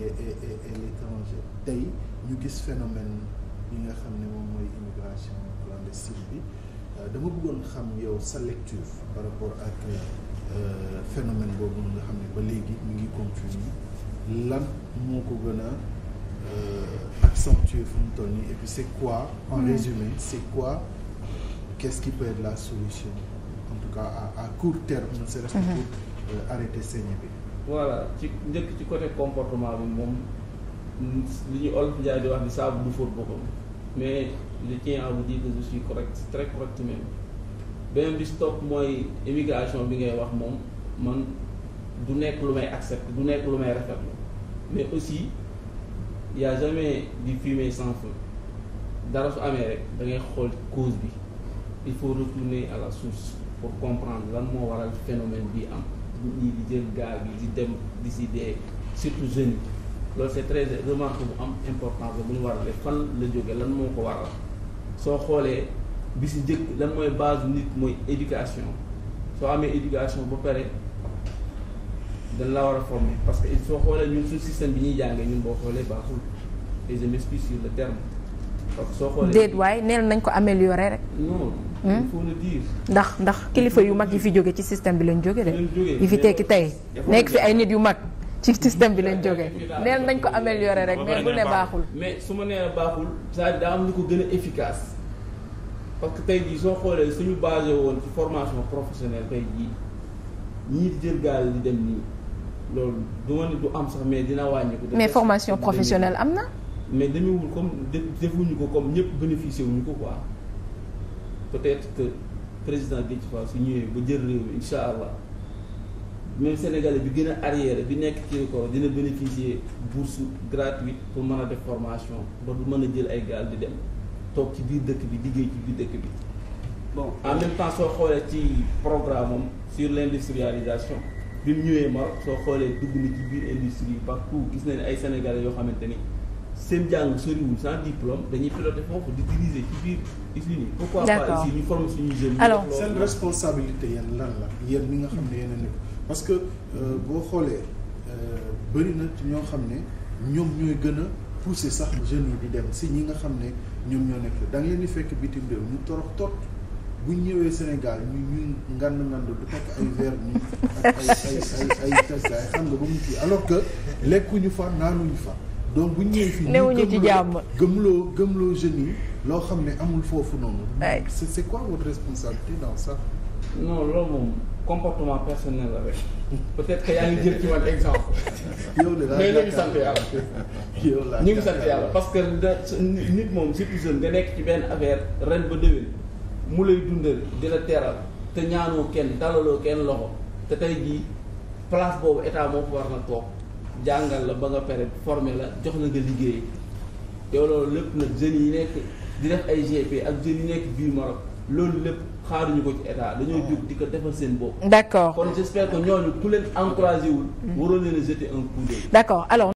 et et et, et l'étranger tey ñu gis phénomène bi nga xam ne moom mooy immigration clandestine bi euh, dama bëggoon xam yow sa par rapport ak euh, phénomène boobu nga xam ne ba léegi mu ngi continuer lan moo ko gën a euh, accentuer fu mu toll nii et puis c'est quoi en mmh. résumé c'est quoi qu'est-ce qui peut être la solution en tout cas à, à court terme ne serait-ce que mm-hmm. pour euh, arrêter bi voilà ci njëkk ci côté comportement bi moom li ñuy olof Njaay di wax ni saabu du fóot boppam mais je tiens à vous dire que je suis correct très correct même beneen bi stop mooy immigration bi ngay wax moom man du nekk lu may accepter du nekk lu may rafetlu mais aussi y jamais di fumier sans feu dara su amee rek da ngay xool cause bi il faut retourner à la source pour comprendre lan moo waral phénomène bi am bu ñi di jël gaal bi di dem di si dee surtout jeunes yi loolu c'est très remarque bu am importance la bu ñu war a def fan la jóge lan moo ko waral soo xoolee bi si njëkk lan mooy base nit mooy éducation soo amee éducation ba pare dañ la war a former parce que soo xoolee ñun suñu système bi ñuy jàngee ñun boo xoolee baaxul des je m'explique sur le terme déet waaye neen nañ ko améliorer rek. non hmm? il ndax ndax kilifa yu mag yi fi jóge ci système bi lañ jóge de. yi fi tekki tey nekk fi ay nit yu mag ci système bi lañ jóge neel nañ ko améliorer rek mais bu ne baaxul. mais su ma nee baaxul cest à daa am lu ko gën a efficace parce que tey jii soo xoolee suñu basé woon ci formation professionnelle tey jii ñii di jël gaal di dem nii loolu du ma du am sax mais dina wàññi mais formation professionnelle am na. mais demewul comme defuñu ko comme ñëpp bénéficié wuñu ko quoi peut-être que président Déthié Fall su ñëwee ba jël réew mi incha allah même sénégalais bi gën a arrière bi nekk kii ko dina bénéficier bourse gratuite pour mën a def formation ba du mën a jël ay gaal di dem toog ci biir dëkk bi liggéey ci biir dëkk bi bon en même temps soo xoolee ci programme am sur l'industrialisation bi mu ñëwee Maroc soo xoolee dugg na ci biir industrie partout gis nañ ay sénégalais yoo xamante ni seen jàng soriwul sans diplôme dañuy piloté foofu di diriger ci biir usine yi. pourquoi pas ñu former suñu jeune. alors seen responsabilité yan lan la yéen mi nga xam ne yéen nekk parce que boo xoolee bëri na ci ñoo xam ne ñoom ñooy gën a pousser sax jeunes yi di dem si ñi nga xam ne ñoom ñoo nekk da nga leen di fekk bitim réew ñu torox tot bu ñëwee Sénégal ñu ñuy ngand du takk ay verre nii ak ay ay ay ay ay xam nga ba mu kii alors que lekkuñu fa naanuñu fa. donc bu ñëwee fii newuñu ci jàmm gëmloo loo jeunes yi loo xam ne amul foofu noonu. waay c'est c'est quoi votre responsabilité dans ça. non loolu moom comportement personnel la rek peut-être que yaa ngi jël ci man exemple. yow de la mais sant yàlla. yow la ñu ngi parce que nit moom surtout jeune nga nekk ci benn affaire ren ba déwén mu lay dundal di la teral te ñaanoo kenn dalaloo kenn loxo te tey jii place boobu état moo fa war na toog. jàngal la ba nga pare formé la jox la nga liggéey yow loolu lépp nag jeunes yi nekk di def ay GP ak jeunes yi nekk biir Maroc loolu lépp xaaruñu ko ci état dañoo jóg di ko defal seen bopp. d'accord kon j'espère que ñooñu ku leen encouragé wul. Mm. waroon leen a jeter un coup d'œil.